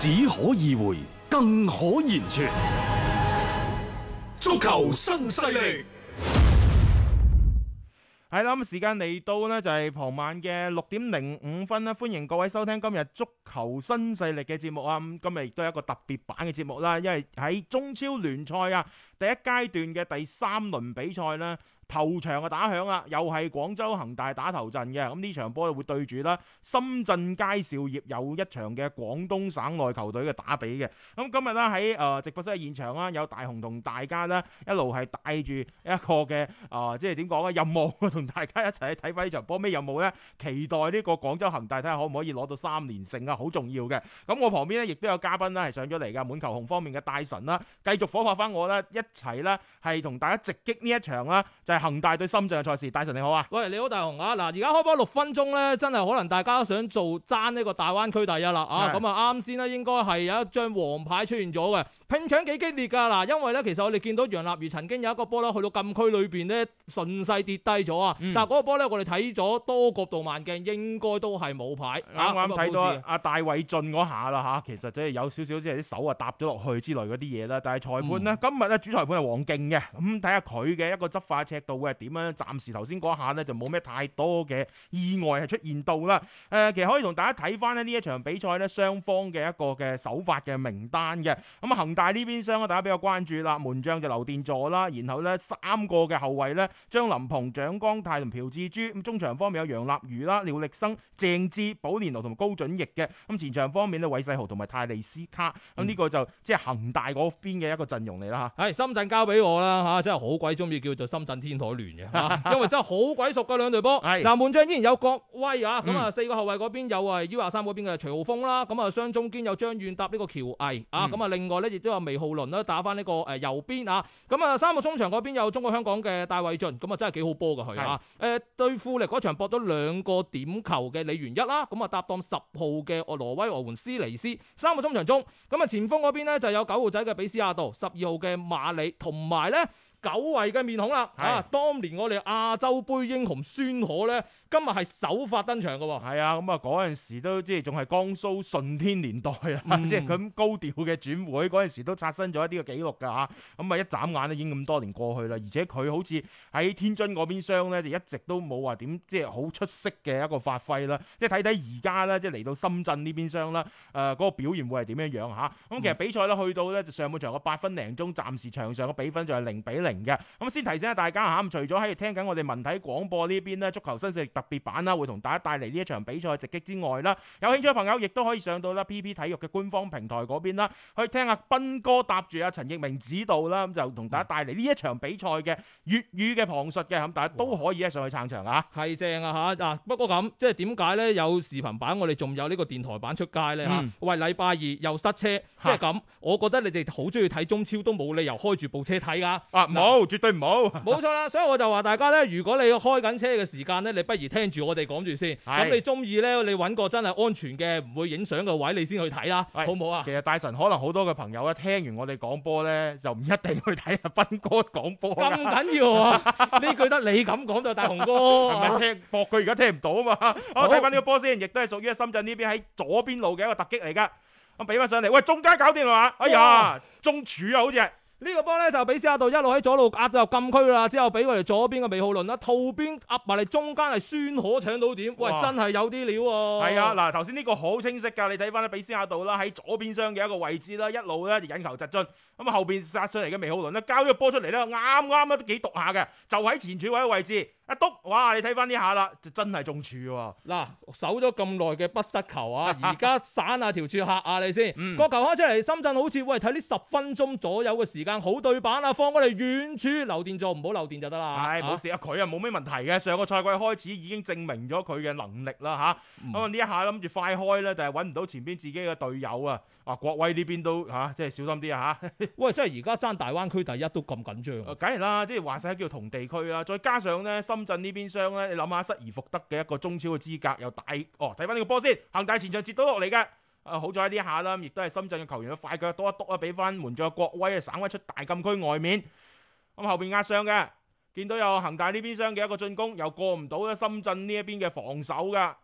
只可意會，更可言傳。足球新勢力係啦，咁時間嚟到呢，就係傍晚嘅六點零五分啦。歡迎各位收聽今日足球新勢力嘅節目啊！咁今日亦都係一個特別版嘅節目啦，因為喺中超聯賽啊，第一階段嘅第三輪比賽啦。頭場嘅打響啊，又係廣州恆大打頭陣嘅，咁呢場波咧會對住啦深圳佳兆業，有一場嘅廣東省內球隊嘅打比嘅。咁今日啦喺誒直播室嘅現場啦，有大雄同大家呢一路係帶住一個嘅誒、呃，即係點講呢？任務同大家一齊去睇翻呢場波，咩任務呢？期待呢個廣州恆大睇下可唔可以攞到三連勝啊，好重要嘅。咁我旁邊呢，亦都有嘉賓啦，係上咗嚟嘅，滿球紅方面嘅大神啦，繼續火化翻我啦，一齊啦係同大家直擊呢一場啦，就是恒大對深圳嘅賽事，大神你好啊！喂，你好大雄啊！嗱，而家開波六分鐘咧，真係可能大家想做爭呢個大灣區第一啦的啊！咁啊啱先咧，應該係有一張黃牌出現咗嘅，拼搶幾激烈噶嗱！因為咧，其實我哋見到楊立瑜曾經有一個波咧，去到禁區裏邊咧順勢跌低咗啊！嗯、但係嗰個波咧，我哋睇咗多角度慢鏡，應該都係冇牌。啱啱睇到阿戴偉晉嗰下啦吓，其實即係有少少即係啲手啊搭咗落去之類嗰啲嘢啦，但係裁判呢，嗯、今日咧主裁判係黃勁嘅，咁睇下佢嘅一個執法尺。到嘅點樣？暫時頭先嗰下呢，就冇咩太多嘅意外係出現到啦。誒、呃，其實可以同大家睇翻咧呢一場比賽呢，雙方嘅一個嘅首發嘅名單嘅。咁、嗯、啊，恒大呢邊雙咧，大家比較關注啦。門將就劉殿座啦，然後呢，三個嘅後衞呢，張林鵬、蔣光泰同朴志洙。咁中場方面有楊立宇啦、廖力生、鄭智、保連奴同高準翼嘅。咁、嗯嗯、前場方面呢，韋世豪同埋泰利斯卡。咁、嗯、呢、嗯、個就即係恒大嗰邊嘅一個陣容嚟啦。嚇、嗯，係深圳交俾我啦。嚇，真係好鬼中意叫做深圳天。台亂嘅嚇， 因為真係好鬼熟嘅兩隊波、嗯。嗱、啊，門將依然有國威啊，咁啊四個後衞嗰邊有啊 U 廿三嗰邊嘅徐浩峰啦，咁啊雙中堅有張遠搭呢個喬毅啊，咁啊另外咧亦都有微浩倫啦，打返、這、呢個誒、呃、右邊啊，咁啊三個中場嗰邊有中國香港嘅戴偉浚。咁啊真係幾好波㗎佢啊。誒、啊的呃、對富力嗰場搏到兩個點球嘅李源一啦，咁啊，啊搭檔十號嘅俄挪威外援斯尼斯，三個中場中，咁啊，啊前鋒嗰邊咧就有九號仔嘅比斯亞道，十二號嘅馬里，同埋咧。久違嘅面孔啦，吓的、啊，當年我哋亞洲盃英雄孫可咧，今日係首發登場嘅。係啊，咁啊陣時都即係仲係江蘇舜天年代、嗯、啊，即係佢咁高調嘅轉會陣時都刷新咗一啲嘅記錄噶吓，咁啊一眨眼咧已經咁多年過去啦，而且佢好似喺天津嗰邊廂咧就一直都冇話點即係好出色嘅一個發揮啦，即係睇睇而家咧即係嚟到深圳呢邊廂啦，誒、呃嗰個表現會係點樣樣吓？咁、啊嗯嗯、其實比賽咧去到咧上半場嘅八分零鐘，暫時場上嘅比分就係零比零。嘅，咁先提醒下大家嚇，除咗喺聽緊我哋文體廣播呢邊咧足球新勢力特別版啦，會同大家帶嚟呢一場比賽直擊之外啦，有興趣嘅朋友亦都可以上到啦 PP 體育嘅官方平台嗰邊啦，去聽下斌哥搭住阿陳奕明指導啦，咁就同大家帶嚟呢一場比賽嘅粵語嘅旁述嘅，咁大家都可以一上去撐場啊，係正啊吓，啊！不過咁即係點解咧有視頻版，我哋仲有呢個電台版出街咧吓、嗯、喂，禮拜二又塞車，即係咁，我覺得你哋好中意睇中超都冇理由開住部車睇噶啊！冇，絕對唔好，冇 錯啦。所以我就話大家呢，如果你開緊車嘅時間呢，你不如聽住我哋講住先。咁是你中意呢，你揾個真係安全嘅，唔會影相嘅位，你先去睇啦，喂好唔好啊？其實大神可能好多嘅朋友咧，聽完我哋講波呢，就唔一定去睇阿斌哥講波。咁緊要啊？呢 句得你咁講就大雄哥， 是是聽駁佢而家聽唔到啊嘛。好，睇翻呢個波先，亦都係屬於深圳呢邊喺左邊路嘅一個突擊嚟噶。我俾翻上嚟，喂，中間搞掂啦嘛。哎呀，中，哇中柱啊，好似個呢個波咧就俾斯亞道一路喺左路壓咗入禁區啦，之後俾過嚟左邊嘅美浩倫啦，套邊壓埋嚟中間係孫可搶到點，喂哇真係有啲料喎。係啊，嗱頭先呢個好清晰噶，你睇翻啦，俾斯亞道啦喺左邊廂嘅一個位置啦，一路咧就引球疾進，咁啊後邊殺上嚟嘅美浩倫啦，交咗波出嚟啦，啱啱都幾毒下嘅，就喺前柱位嘅位置，啊、看看一篤哇你睇翻呢下啦，就真係中柱喎、啊。嗱、啊、守咗咁耐嘅不失球啊，而家 散下條柱客啊，嚇下你先個、嗯、球開出嚟，深圳好似喂睇呢十分鐘左右嘅時。好對版啊！放佢哋遠處流電座，唔好漏電就得啦。係冇、哎、事啊，佢又冇咩問題嘅。上個賽季開始已經證明咗佢嘅能力啦嚇。咁啊呢、嗯啊、一下諗住快開咧，但係揾唔到前邊自己嘅隊友啊。啊，國威呢邊都嚇、啊，即係小心啲嚇。啊、喂，即係而家爭大灣區第一都咁緊張、啊。梗係啦，即係話晒叫同地區啦、啊。再加上咧，深圳邊呢邊商咧，你諗下失而復得嘅一個中超嘅資格，又大哦。睇翻呢個波先，恒大前場接到落嚟嘅。啊，好彩呢下啦，亦都係深圳嘅球員嘅快腳多一督啊，俾翻門將國威省翻出大禁區外面。咁後邊壓上嘅，見到有恒大呢邊廂嘅一個進攻，又過唔到咧深圳呢一邊嘅防守噶，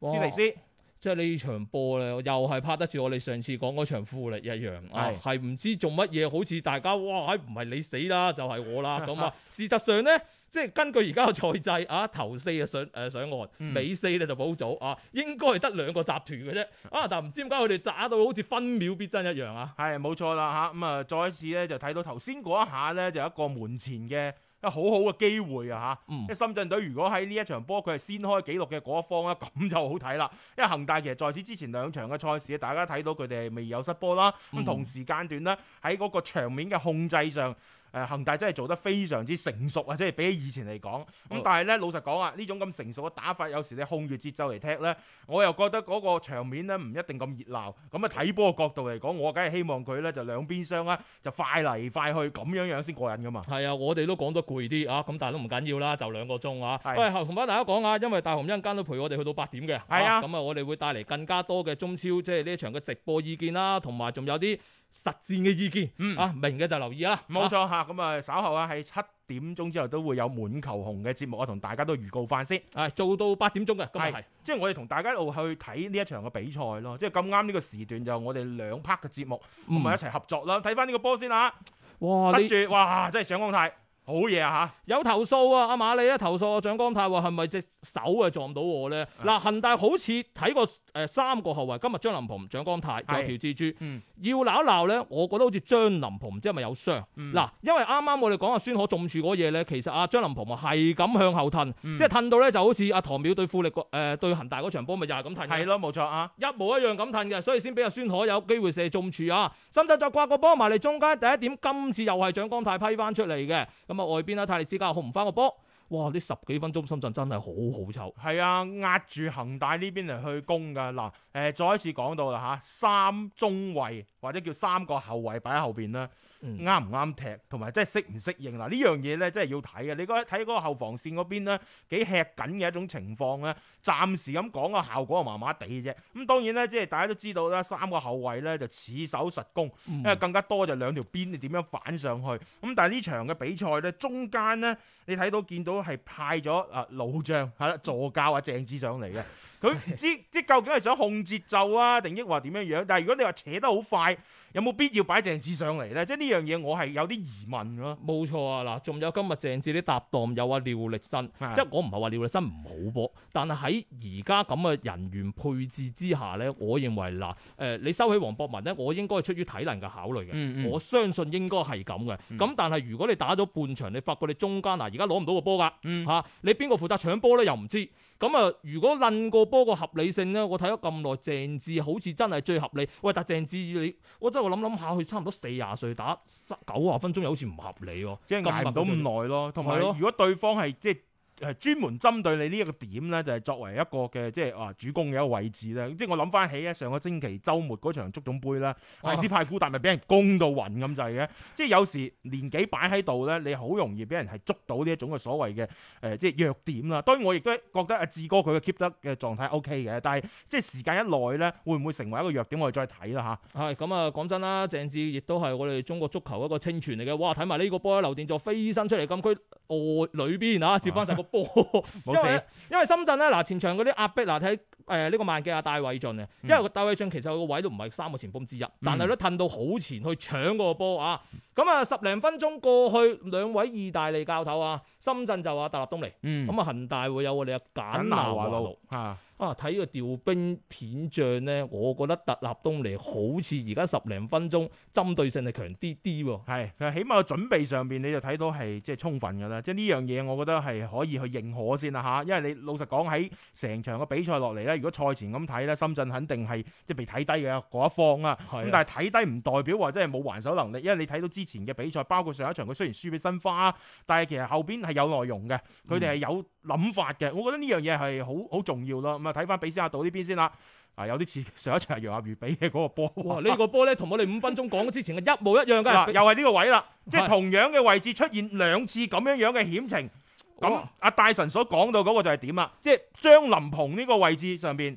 哇斯尼斯。即係呢場波咧，又係拍得住我哋上次講嗰場富力一樣，係係唔知做乜嘢，好似大家哇，唉唔係你死啦，就係、是、我啦咁啊！ 事實上咧，即係根據而家個賽制啊，頭四嘅上誒上岸，尾四咧就補組啊，應該係得兩個集團嘅啫啊，但唔知點解佢哋打到好似分秒必爭一樣啊？係冇錯啦嚇，咁啊再一次咧就睇到頭先嗰一下咧就一個門前嘅。好好嘅機會啊嚇！因、嗯、深圳隊如果喺呢一場波佢係先開紀錄嘅嗰一方啦，咁就好睇啦。因為恒大其實在此之前兩場嘅賽事，大家睇到佢哋未有失波啦。咁、啊嗯、同時間段咧，喺嗰個場面嘅控制上。誒恒大真係做得非常之成熟，啊，即係比起以前嚟講咁，嗯、但係咧老實講啊，呢種咁成熟嘅打法，有時你控住節奏嚟踢咧，我又覺得嗰個場面咧唔一定咁熱鬧。咁啊睇波嘅角度嚟講，我梗係希望佢咧就兩邊雙啊，就快嚟快去咁樣樣先過癮㗎嘛。係啊，我哋都講得攰啲啊，咁但係都唔緊要啦，就兩個鐘啊。喂、啊，同翻、哎、大家講啊，因為大雄一陣間都陪我哋去到八點嘅，係啊，咁啊，我哋會帶嚟更加多嘅中超即係呢一場嘅直播意見啦，同埋仲有啲。實戰嘅意見，嗯啊，明嘅就留意錯啊。冇錯嚇，咁啊稍後啊喺七點鐘之後都會有滿球紅嘅節目，啊，同大家都預告翻先。係、哎、做到八點鐘嘅，係即係我哋同大家一路去睇呢一場嘅比賽咯。即係咁啱呢個時段就我哋兩 part 嘅節目咁咪、嗯、一齊合作啦。睇翻呢個波先啊！哇，睇住著，你哇真係上光太。好嘢啊！嚇有投訴啊！阿馬利咧，投訴啊！蔣光太話係咪隻手啊撞到我咧？嗱、嗯，恒大好似睇過誒三個後衞，今日張林鵬、蔣光太仲有條蜘蛛，嗯、要鬧一鬧咧，我覺得好似張林鵬唔知係咪有傷？嗱、嗯，因為啱啱我哋講阿孫可中柱嗰嘢咧，其實阿、啊、張林鵬咪係咁向後褪，嗯、即係褪到咧就好似阿、啊、唐淼對富力嗰誒、呃、對恒大嗰場波咪又係咁褪嘅，係咯，冇錯啊，一模一樣咁褪嘅，所以先俾阿孫可有機會射中柱啊！深圳再掛個波埋嚟，中間第一點，今次又係蔣光太批翻出嚟嘅，咁。外邊啦，睇你之間控唔返個波，哇！呢十幾分鐘深圳真係好好抽，係啊，壓住恒大呢邊嚟去攻噶嗱，誒，再一次講到啦吓，三中衛或者叫三個後衛擺喺後邊啦。啱唔啱踢，同埋即係適唔適應嗱呢樣嘢咧，啊、真係要睇嘅。你嗰睇嗰個後防線嗰邊咧，幾吃緊嘅一種情況咧，暫時咁講個效果啊，麻麻地嘅啫。咁當然咧，即係大家都知道啦，三個後衞咧就似守實攻，因為、嗯、更加多就兩條邊你點樣反上去。咁、嗯、但係呢場嘅比賽咧，中間咧你睇到見到係派咗啊、呃、老將係啦、啊、助教啊鄭智上嚟嘅。佢 即即究竟係想控節奏啊，定抑或點樣樣？但係如果你話扯得好快，有冇必要擺鄭智上嚟咧？即係呢？呢樣嘢我係有啲疑問咯，冇錯啊！嗱，仲有今日鄭智啲搭檔有阿、啊、廖力生。是的 即係我唔係話廖力生唔好噃，但係喺而家咁嘅人員配置之下呢，我認為嗱，誒、呃，你收起黃博文呢，我應該係出於體能嘅考慮嘅，嗯嗯我相信應該係咁嘅。咁但係如果你打咗半場，你發覺你中間嗱，而家攞唔到個波噶，吓、啊，你邊個負責搶波呢？又唔知。咁啊！如果論個波個合理性咧，我睇咗咁耐，鄭智好似真係最合理。喂，但鄭智你，我真係諗諗下佢，差唔多四十歲打九十分鐘，又好似唔合理喎，即係捱唔到咁耐咯。同埋對如果對方係即係。就是係專門針對你呢一個點咧，就係、是、作為一個嘅即係話、啊、主攻嘅一個位置啦。即係我諗翻起咧，上個星期週末嗰場足總杯啦，亞、啊、斯派古達咪俾人攻到暈咁滯嘅。即係有時年紀擺喺度咧，你好容易俾人係捉到呢一種嘅所謂嘅誒、呃、即係弱點啦。當然我亦都覺得阿、啊、志哥佢嘅 keep 得嘅狀態 O K 嘅，但係即係時間一耐咧，會唔會成為一個弱點，我哋再睇啦嚇。係咁啊，講、嗯、真啦，鄭智亦都係我哋中國足球一個清泉嚟嘅。哇，睇埋呢個波咧，劉殿座飛身出嚟，咁佢外裏邊啊，接翻曬個。 因為因為深圳咧，嗱前場嗰啲壓迫，嗱睇誒呢個萬紀亞戴偉俊。啊，因為個戴偉俊其實佢個位都唔係三個前鋒之一，但係都褪到好前去搶個波啊！咁啊，十零分鐘過去，兩位意大利教頭啊，深圳就話特立東尼，咁啊、嗯，恒大會有我哋阿簡拿華路啊，啊，睇個調兵遣將咧，我覺得特立東尼好似而家十零分鐘針對性係強啲啲喎，係，佢起碼準備上邊你就睇到係即係充分㗎啦，即係呢樣嘢，我覺得係可以去認可先啦吓，因為你老實講喺成場嘅比賽落嚟咧，如果賽前咁睇咧，深圳肯定係即係被睇低嘅嗰一方啊，咁的但係睇低唔代表話真係冇還手能力，因為你睇到之前嘅比賽包括上一場，佢雖然輸俾申花，但係其實後邊係有內容嘅，佢哋係有諗法嘅。我覺得呢樣嘢係好好重要咯。咁啊，睇翻比斯阿島呢邊先啦。啊，有啲似上一場楊亞如鴨比嘅嗰個波。呢、這個波呢，同我哋五分鐘講之前嘅一模一樣噶 又係呢個位啦，的即係同樣嘅位置出現兩次咁樣樣嘅險情。咁阿、哦、大神所講到嗰個就係點啊？即係張林鵬呢個位置上邊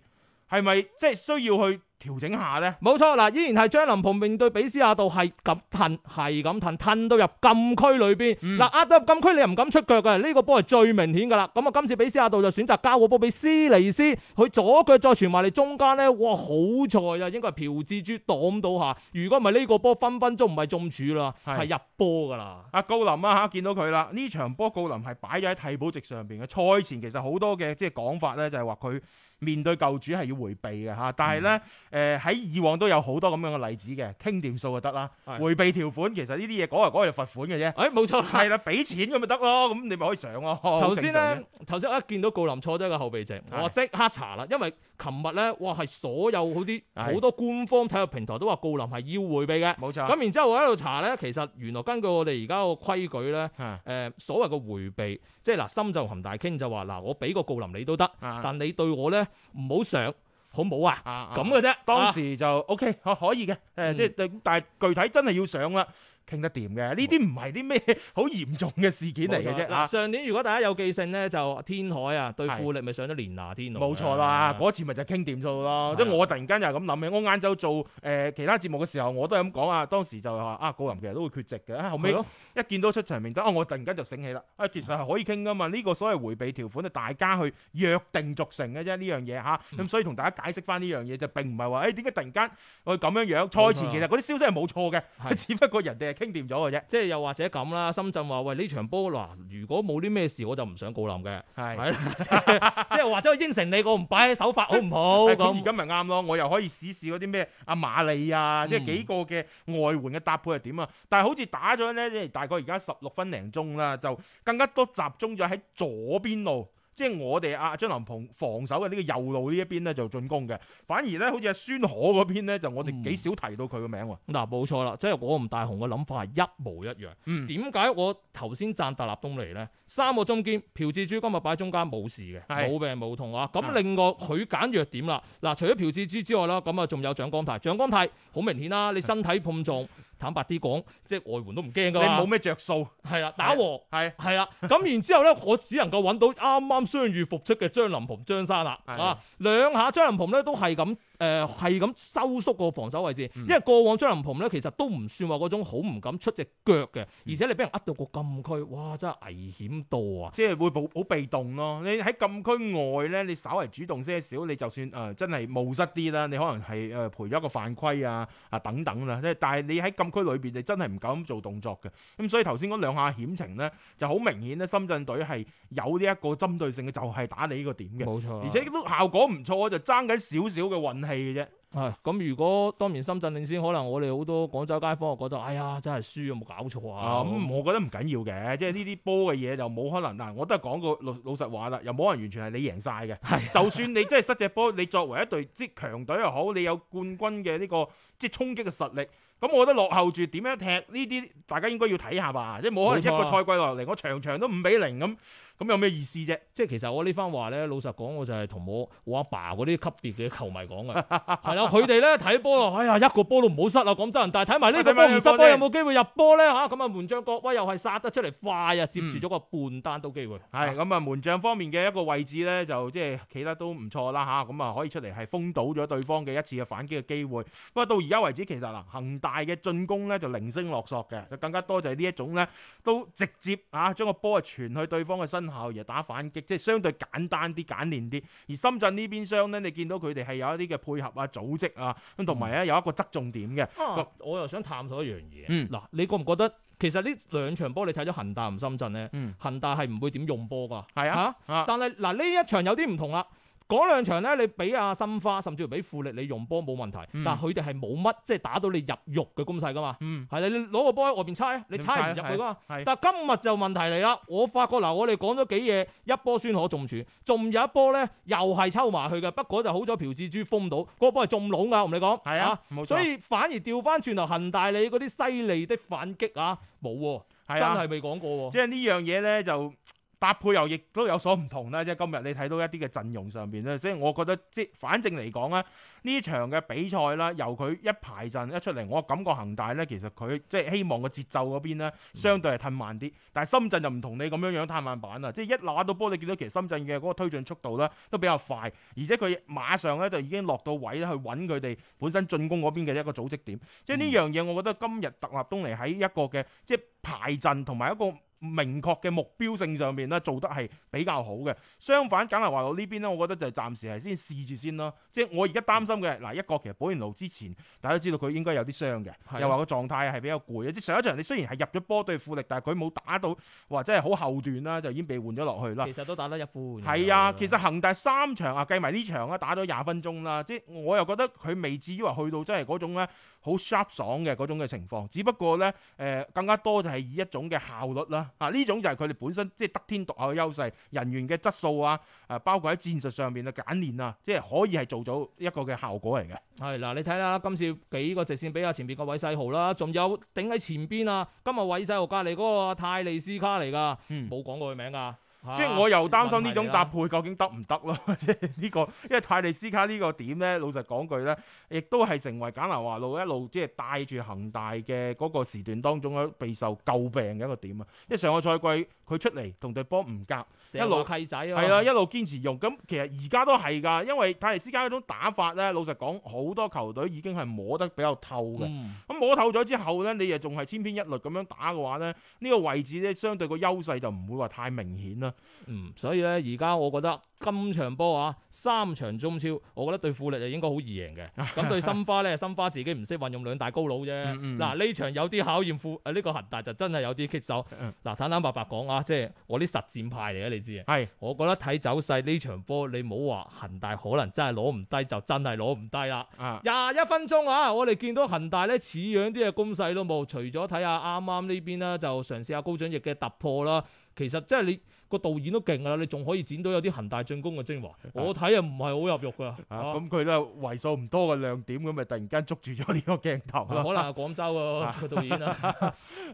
係咪即係需要去？調整下呢，冇錯嗱，依然係張林鵬面對比斯亞道係咁褪，係咁褪，褪到入禁區裏邊，嗱、嗯，壓到入禁區，你又唔敢出腳嘅，呢、呢個波係最明顯噶啦。咁啊，今次比斯亞道就選擇交個波俾斯尼斯，佢左腳再傳埋嚟中間呢。哇，好彩啊，應該係朴志洙擋到下。如果唔係呢個波分分鐘唔係中柱啦，係是入波噶啦。阿高林啊，吓見到佢啦，呢場波高林係擺咗喺替補席上邊嘅。賽前其實好多嘅即係講法呢，就係話佢面對舊主係要回避嘅吓，但係呢。嗯誒喺、呃、以往都有好多咁樣嘅例子嘅，傾掂數就得啦。迴的避條款其實呢啲嘢講嚟講去罰款嘅啫。誒冇、哎、錯，係啦、嗯，俾錢咁咪得咯，咁你咪可以上咯。頭先咧，頭先我一見到郜林坐咗一個後備席，的我即刻查啦，因為琴日咧，哇係所有好啲好的多官方體育平台都話郜林係要迴避嘅。冇錯。咁然之後我喺度查咧，其實原來根據我哋而家個規矩咧，誒、嗯、所謂個迴避，即係嗱深圳同恒大傾就話嗱，我俾個郜林你都得，但你對我咧唔好上。嗯嗯好冇啊，咁嘅啫，啊、當時就 OK 可，可以嘅，誒、嗯，即係，但係具體真係要上啦。傾得掂嘅，呢啲唔係啲咩好嚴重嘅事件嚟嘅啫。嗱錯，啊、上年如果大家有記性咧，就天海啊對富力咪上咗連拿天，冇錯啦。嗰、啊、次咪就傾掂咗咯。即係是、啊、我突然間就咁諗嘅，我晏晝做誒、呃、其他節目嘅時候，我都係咁講啊。當時就話啊，郜林其實都會缺席嘅、啊。後尾一見到出場名單，哦、啊，我突然間就醒起啦。啊，其實係可以傾噶嘛。呢、這個所謂迴避條款就大家去約定俗成嘅啫。呢樣嘢吓，咁、啊嗯、所以同大家解釋翻呢樣嘢就並唔係話誒點解突然間我咁樣樣。賽前其實嗰啲、啊啊、消息係冇錯嘅，只不過人哋。傾掂咗嘅啫，即係又或者咁啦。深圳話：喂，呢場波嗱，如果冇啲咩事，我就唔想郜林嘅。係是，即係 或者我應承你，我唔擺手法好唔好？佢而家咪啱咯，我又可以試試嗰啲咩阿馬裏啊，即係幾個嘅外援嘅搭配係點啊？嗯、但係好似打咗咧，即係大概而家十六分零鐘啦，就更加多集中咗喺左邊路。即係我哋阿張林鵬防守嘅呢個右路呢一邊咧就進攻嘅，反而咧好似阿孫可嗰邊咧就我哋幾少提到佢個名喎。嗱、嗯，冇、嗯嗯啊、錯啦，即、就、係、是、我同大雄嘅諗法係一模一樣。點解、嗯、我頭先贊達立東嚟咧？三個中堅，朴志洙今日擺喺中間冇事嘅，冇病冇痛啊。咁另外佢揀弱點啦。嗱的，除咗朴志洙之外啦，咁啊仲有蔣光泰，蔣光泰好明顯啦、啊，你身體碰撞。坦白啲講，即係外援都唔驚㗎。你冇咩着數，係啊，打和，係係啊。咁、啊啊、 然之後咧，我只能夠揾到啱啱傷愈復出嘅張林鵬、張生啦。啊，啊，兩下張林鵬咧都係咁。誒係咁收縮個防守位置，因為過往張琳芃咧其實都唔算話嗰種好唔敢出隻腳嘅，而且你俾人呃到個禁區，哇真係危險到啊！即係會好被動咯。你喺禁區外咧，你稍為主動些少，你就算誒、呃、真係冒失啲啦，你可能係誒賠咗個犯規啊啊等等啦。即係但係你喺禁區裏邊，你真係唔敢做動作嘅。咁所以頭先嗰兩下險情咧，就好明顯咧，深圳隊係有呢一個針對性嘅，就係打你呢個點嘅。冇錯、啊，而且效果唔錯，就爭緊少少嘅運。係嘅啫。係咁，如果當然深圳領先，可能我哋好多廣州街坊又覺得，哎呀，真係輸，有冇搞錯啊？咁、嗯、我覺得唔緊要嘅，即係呢啲波嘅嘢就冇可能。嗱，我都係講個老老實話啦，又冇可能完全係你贏晒嘅。是的 就算你真係失隻波， 你作為一隊即係強隊又好，你有冠軍嘅呢個即係衝擊嘅實力，咁我覺得落後住點樣踢呢啲，大家應該要睇下吧。即係冇可能一個賽季落嚟，我場場都五比零咁，咁有咩意思啫？即係其實我呢番話呢，老實講，我就係同我我阿爸嗰啲級別嘅球迷講嘅， 佢哋咧睇波咯，哎呀一個波都唔好失啊！廣州人，但係睇埋呢個波唔失波，有冇、這個、機會入波咧嚇？咁啊門將郭威又係殺得出嚟快啊，接住咗個半個單刀機會。係咁、嗯、啊門將方面嘅一個位置咧，就即係企得都唔錯啦嚇。咁啊，啊可以出嚟係封堵咗對方嘅一次嘅反擊嘅機會。不過到而家為止，其實嗱恒大嘅進攻咧就零星落索嘅，就更加多就係呢一種咧，都直接啊將個波啊傳去對方嘅身後，而打反擊，即、就、係、是、相對簡單啲、簡練啲。而深圳邊呢邊廂咧，你見到佢哋係有一啲嘅配合啊組。職啊，咁同埋咧有一個側重點嘅、啊，我又想探討一樣嘢。嗱、嗯，你覺唔覺得其實呢兩場波你睇咗恒大同深圳咧，嗯、恒大係唔會點用波㗎，係啊，啊但係嗱呢一場有啲唔同啦。嗰兩場咧，你俾阿申花甚至乎俾富力，你用波冇問題。但係佢哋係冇乜，即係打到你入肉嘅攻勢噶嘛。係啦、嗯，你攞個波喺外邊猜，你猜唔入去噶嘛。但係今日就問題嚟啦。我發覺嗱，我哋講咗幾嘢，一波先可中柱，仲有一波咧，又係抽埋去嘅。不過就好在朴志洙封到嗰波係仲老噶，同你講。係的啊，沒錯 所以反而調翻轉頭，恒大你嗰啲犀利的反擊啊，冇喎、嗯，真係未講過喎。即係呢樣嘢咧就。的搭配又亦都有所唔同啦，即係今日你睇到一啲嘅陣容上邊咧，即係我覺得即係反正嚟講咧，呢場嘅比賽啦，由佢一排陣一出嚟，我感覺恒大咧其實佢即係希望個節奏嗰邊咧，相對係褪慢啲，但係深圳就唔同你咁樣樣褪慢版啊，即係一拿到波你見到其實深圳嘅嗰個推進速度咧都比較快，而且佢馬上咧就已經落到位咧去揾佢哋本身進攻嗰邊嘅一個組織點，即係呢樣嘢，我覺得今日特立東尼喺一個嘅即係排陣同埋一個。就是明確嘅目標性上面咧做得係比較好嘅，相反梗係話我呢邊咧，我覺得就暫時係先試住先咯。即係我而家擔心嘅嗱，嗯、一個其實保賢路之前，大家都知道佢應該有啲傷嘅，的又話個狀態係比較攰啊。即係上一場，你雖然係入咗波對富力，但係佢冇打到，哇！真係好後段啦，就已經被換咗落去啦。其實都打得一般。係啊的，其實恒大三場啊，計埋呢場啊，打咗廿分鐘啦，即係我又覺得佢未至於話去到真係嗰種咧。好 sharp 爽嘅嗰種嘅情況，只不過咧誒、呃、更加多就係以一種嘅效率啦，啊呢種就係佢哋本身即係得天獨厚嘅優勢，人員嘅質素啊，啊包括喺戰術上面嘅鍛鍊啊，即係可以係做到一個嘅效果嚟嘅。係嗱，你睇下今次幾個直線俾阿前，前邊個韋世豪啦，仲有頂喺前邊啊，今日韋世豪隔離嗰個泰利斯卡嚟㗎，冇講、嗯、過佢名㗎。啊、即係我又擔心呢種搭配究竟得唔得咯？即 係呢，呢個，因為泰利斯卡呢個點咧，老實講句咧，亦都係成為簡拿華路一路即係帶住恒大嘅嗰個時段當中咧，備受詬病嘅一個點啊！因為上個賽季佢出嚟同隊波唔夾，一路契仔，係啦，一路堅持用。咁其實而家都係㗎，因為泰利斯卡嗰種打法咧，老實講，好多球隊已經係摸得比較透嘅。咁、嗯、摸透咗之後咧，你又仲係千篇一律咁樣打嘅話咧，呢、呢個位置咧，相對個優勢就唔會話太明顯啦。嗯，所以咧，而家我覺得今場波啊，三場中超，我覺得對富力就應該好易贏嘅。咁 對申花咧，申花自己唔識運用兩大高佬啫。嗱、嗯、呢、嗯、場有啲考驗富，誒、呃、呢、這個恒大就真係有啲棘手。嗱，坦坦白白講啊，即、就、係、是、我啲實戰派嚟嘅，你知啊。係是，我覺得睇走勢呢場波，你唔好話恒大可能真係攞唔低，就真係攞唔低啦。廿一、嗯、分鐘啊，我哋見到恒大咧，似樣啲嘅攻勢都冇，除咗睇下啱啱呢邊啦，就嘗試下高準翼嘅突破啦。其實即係你。個導演都勁啦，你仲可以剪到有啲恒大進攻嘅精華。我睇啊，唔係好入肉㗎。啊，咁佢咧為數唔多嘅亮點，咁咪突然間捉住咗呢個鏡頭。可能係廣州個、啊、導演啦。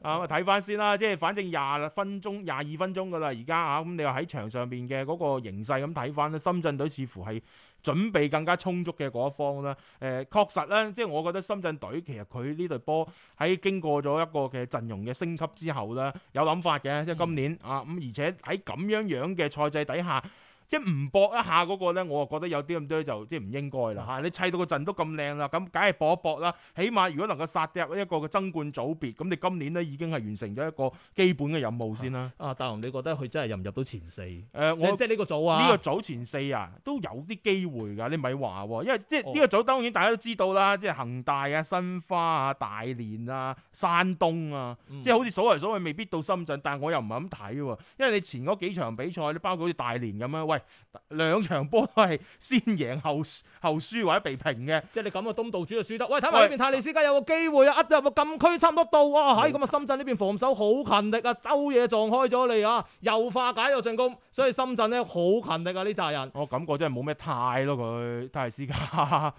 啊，睇翻先啦，即係反正廿分鐘、廿二分鐘㗎啦，而家啊，咁你話喺場上面嘅嗰個形勢咁睇翻咧，深圳隊似乎係。準備更加充足嘅嗰一方啦，誒、呃、確實咧，即係我覺得深圳隊其實佢呢隊波喺經過咗一個嘅陣容嘅升級之後啦，有諗法嘅，即係今年、嗯、啊咁，而且喺咁樣樣嘅賽制底下。即係唔搏一下嗰個咧，我就覺得有啲咁多就即係唔應該啦嚇！嗯、你砌到個陣都咁靚啦，咁梗係搏一搏啦。起碼如果能夠殺掉一個嘅爭冠組別，咁你今年咧已經係完成咗一個基本嘅任務先啦、嗯。啊，大雄，你覺得佢真係入唔入到前四？誒、呃，你我即係呢個組啊，呢個組前四啊都有啲機會㗎。你咪話喎，因為即係呢個組當然大家都知道啦，即係恒大啊、申花啊、大連啊、山東啊，嗯、即係好似所謂所謂未必到深圳，但係我又唔係咁睇喎，因為你前嗰幾場比賽，你包括好似大連咁樣，喂。兩場波都係先贏後輸後輸或者被平嘅，即係你咁啊東道主就輸得。喂，睇埋呢邊泰利斯加有個機會啊，入個禁區差唔多到哇！喺咁啊，哎、深圳呢邊防守好勤力啊，兜嘢，撞開咗你啊，又化解又進攻，所以深圳咧好勤力啊呢扎人。我感覺真係冇咩太咯佢泰利斯加啊，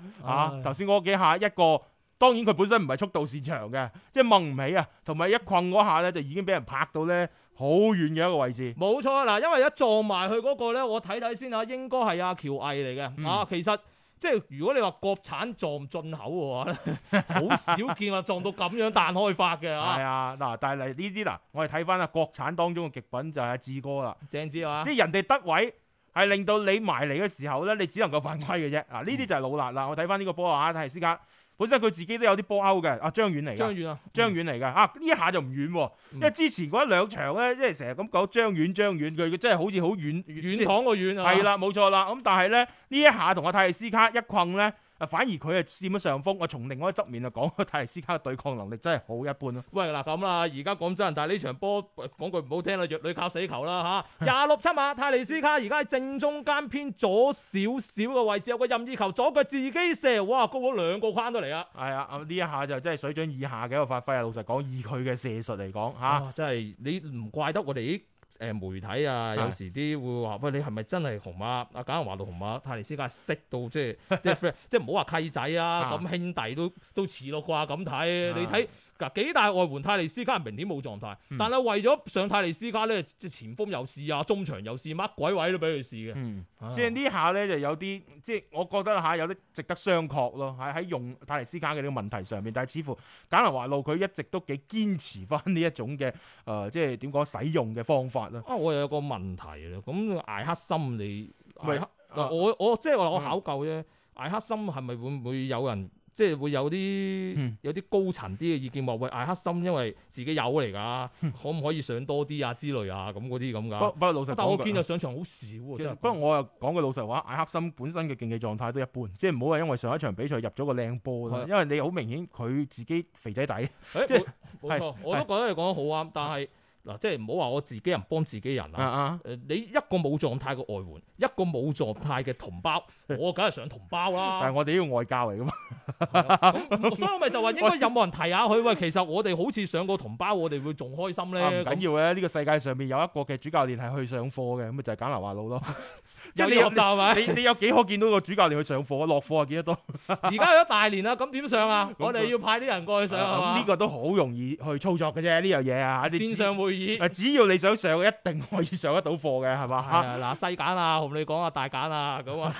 頭先嗰幾下一個，當然佢本身唔係速度擅長嘅，即係掹唔起啊，同埋一困嗰下咧就已經俾人拍到咧。好遠嘅一個位置，冇錯嗱，因為一撞埋去嗰、那個咧，我睇睇先嚇，應該係阿喬毅嚟嘅、嗯、啊！其實即係如果你話國產撞進口嘅話咧，好 少見話撞到咁樣彈開發嘅啊！係啊，嗱，但係嚟呢啲嗱，我哋睇翻啊，國產當中嘅極品就係阿志哥啦，鄭智啊！即係人哋得位係令到你埋嚟嘅時候咧，你只能夠犯規嘅啫。嗱，呢啲就係老辣啦！嗯、我睇翻呢個波啊，睇係私家。本身佢自己都有啲波勾嘅，阿、啊、張遠嚟嘅。張遠啊，張遠嚟嘅，嚇呢、啊、一下就唔遠喎、啊，因為之前嗰一兩場咧，即係成日咁講張遠張遠，佢佢真係好似好遠遠躺個遠啊。係啦的，冇的錯啦。咁但係咧呢一下同阿泰利斯卡一困咧。啊！反而佢啊佔咗上風。我從另外側面啊講，泰尼斯卡嘅對抗能力真係好一般咯。喂，嗱咁啦，而家講真人，但係呢場波講句唔好聽啦，弱旅靠死球啦嚇。廿、啊、六七碼，泰尼斯卡而家喺正中間偏左少少嘅位置，有個任意球，左腳自己射，哇，高咗兩個框都嚟啦。係啊、哎，呢一下就真係水準以下嘅一個發揮啊！老實講，以佢嘅射術嚟講吓，真係你唔怪得我哋。誒媒體啊，有時啲會話、啊、喂，你係咪真係紅馬？阿簡宏華都紅馬，泰利斯卡識到即係 即係 friend，即係唔好話契仔啊，咁、啊、兄弟都都似咯啩？咁睇、啊、你睇。幾大外援泰利斯卡明顯冇狀態，嗯、但係為咗上泰利斯卡咧，即前鋒又試啊，中場又試，乜鬼位都俾佢試嘅。嗯、即係呢下咧、嗯、就有啲，即係我覺得吓有啲值得商榷咯。喺喺用泰利斯卡嘅呢、呃啊、個問題上面，但係似乎簡拿華路佢一直都幾堅持翻呢一種嘅誒，即係點講使用嘅方法啦。啊，我又有個問題啦。咁艾克森你我我即係我考究啫，艾克森係咪會唔會有人？即係會有啲有啲高層啲嘅意見話：喂，艾克森因為自己有嚟㗎，可唔可以上多啲啊之類啊咁嗰啲咁㗎。不不過老實，但我見就上場好少喎。不過我又講句老實話，艾克森本身嘅競技狀態都一般，即係唔好話因為上一場比賽入咗個靚波啦，的因為你好明顯佢自己肥仔底。誒，冇錯，的我都覺得你講得好啱，但係。嗱，即係唔好話我自己人幫自己人啦。誒、uh huh. 呃，你一個冇狀態嘅外援，一個冇狀態嘅同胞，我梗係上同胞啦。 但係我哋要外教嚟噶嘛、 啊，所以我咪就話應該有冇人提下佢？喂，其實我哋好似上個同胞，我哋會仲開心咧。唔緊要嘅，呢、啊、那樣個世界上面有一個嘅主教練係去上課嘅，咁咪就係卡納瓦羅咯。 一入咁就咪？你你有幾可見到個主教練去上課？落課啊，見得多。 而家去咗大連啦，咁點上啊？我哋要派啲人過去上，係呢個都好容易去操作嘅啫，呢樣嘢啊！線上會議，只要你想上，一定可以上得到課嘅，係嘛？係啊，嗱，細揀啊，同你講啊，大揀啊，咁啊，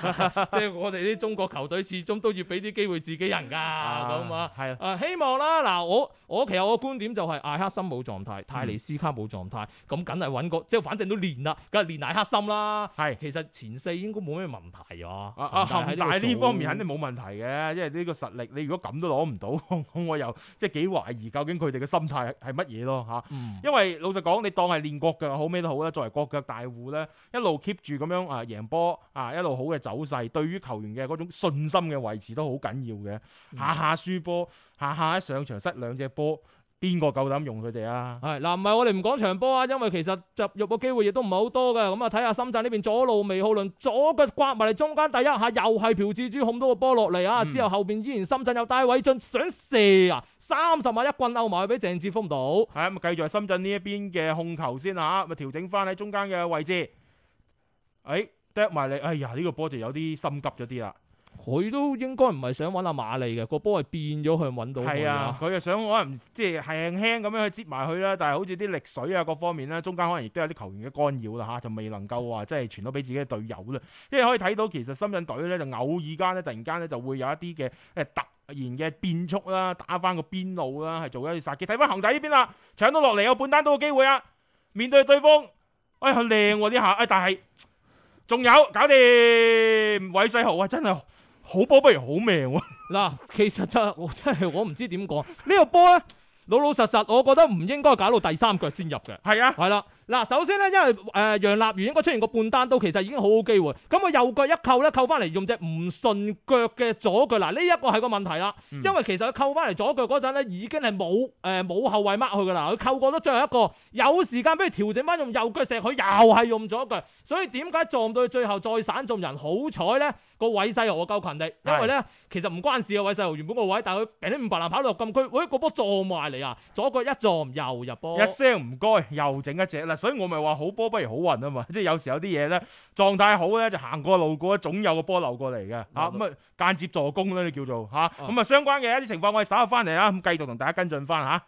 即係我哋啲中國球隊始終都要俾啲機會自己人噶，咁啊、 嗯，係啊、嗯，希望啦，嗱，我我其實我嘅觀點就係艾克森冇狀態，泰尼斯卡冇狀態，咁梗係搵個即係，就是、反正都練啦，梗係練艾克森啦，係，的其實。前四應該冇咩問題啊！但係呢方面肯定冇問題嘅，因為呢個實力，你如果咁都攞唔到，我又即係幾懷疑究竟佢哋嘅心態係乜嘢咯嚇？嗯、因為老實講，你當係練國腳好咩都好啦，作為國腳大戶咧，一路 keep 住咁樣啊贏波啊，一路好嘅走勢，對於球員嘅嗰種信心嘅維持都好緊要嘅、嗯。下下輸波，下下一上場失兩隻波。邊個夠膽用佢哋啊？係嗱、啊，唔係我哋唔講場波啊，因為其實入入個機會亦都唔係好多噶。咁啊，睇下深圳呢邊左路未好倫左腳刮埋嚟，中間第一下又係朴志洙控到個波落嚟啊。嗯、之後後邊依然深圳有戴偉俊，想射啊，三十米一棍拗埋去俾鄭智封到。係咁，繼續深圳呢一邊嘅控球先吓、啊，咪調整翻，喺中間嘅位置。誒、哎，得埋你，哎呀，呢、這個波就有啲心急咗啲啊。佢都應該唔係想揾阿馬利嘅，個波係變咗，去揾到佢啦。佢又想可能即係輕輕咁樣去接埋佢啦，但係好似啲力水啊，各方面啦，中間可能亦都有啲球員嘅干擾啦吓、啊、就未能夠話、啊、即係傳到俾自己嘅隊友啦。即係可以睇到其實深圳隊咧就偶爾間咧突然間咧就會有一啲嘅誒突然嘅變速啦，打翻個邊路啦，係做一啲殺機。睇翻恒大呢邊啦，搶到落嚟有半單刀嘅機會啊！面對對方，喂、哎，佢靚喎呢下，誒、哎，但係仲有搞掂，韋世豪啊，真係～好波不如好命喎！嗱，其實就我真係我唔知點講、這個、呢個波咧，老老實實，我覺得唔應該搞到第三腳先入嘅。係是啊，係啦。嗱，首先咧，因為誒楊立瑜應該出現個半單刀，其實已經好好機會。咁佢右腳一扣咧，扣翻嚟，用隻唔順腳嘅左腳，嗱呢一個係個問題啦。因為其實佢扣翻嚟左腳嗰陣咧，已經係冇誒冇後衛 mark 去噶啦。佢扣過咗最後一個，有時間俾佢調整翻用右腳射，佢又係用左腳。所以點解撞到最後再散中人？好彩咧，個韋世豪夠勤力，因為咧其實唔關事嘅韋世豪原本個位，但係佢憑啲五白藍跑到禁區，喂、哎、個波撞埋嚟啊！左腳一撞又入波，一聲唔該，又整一隻啦。所以我咪話好波不如好運啊嘛，即係有時候有啲嘢，咧，狀態好咧，就行過路過，總有個波流過嚟嘅吓。咁啊間接助攻咧，你叫做吓。咁啊相關嘅一啲情況我哋稍後翻嚟啦。咁繼續同大家跟進翻吓。啊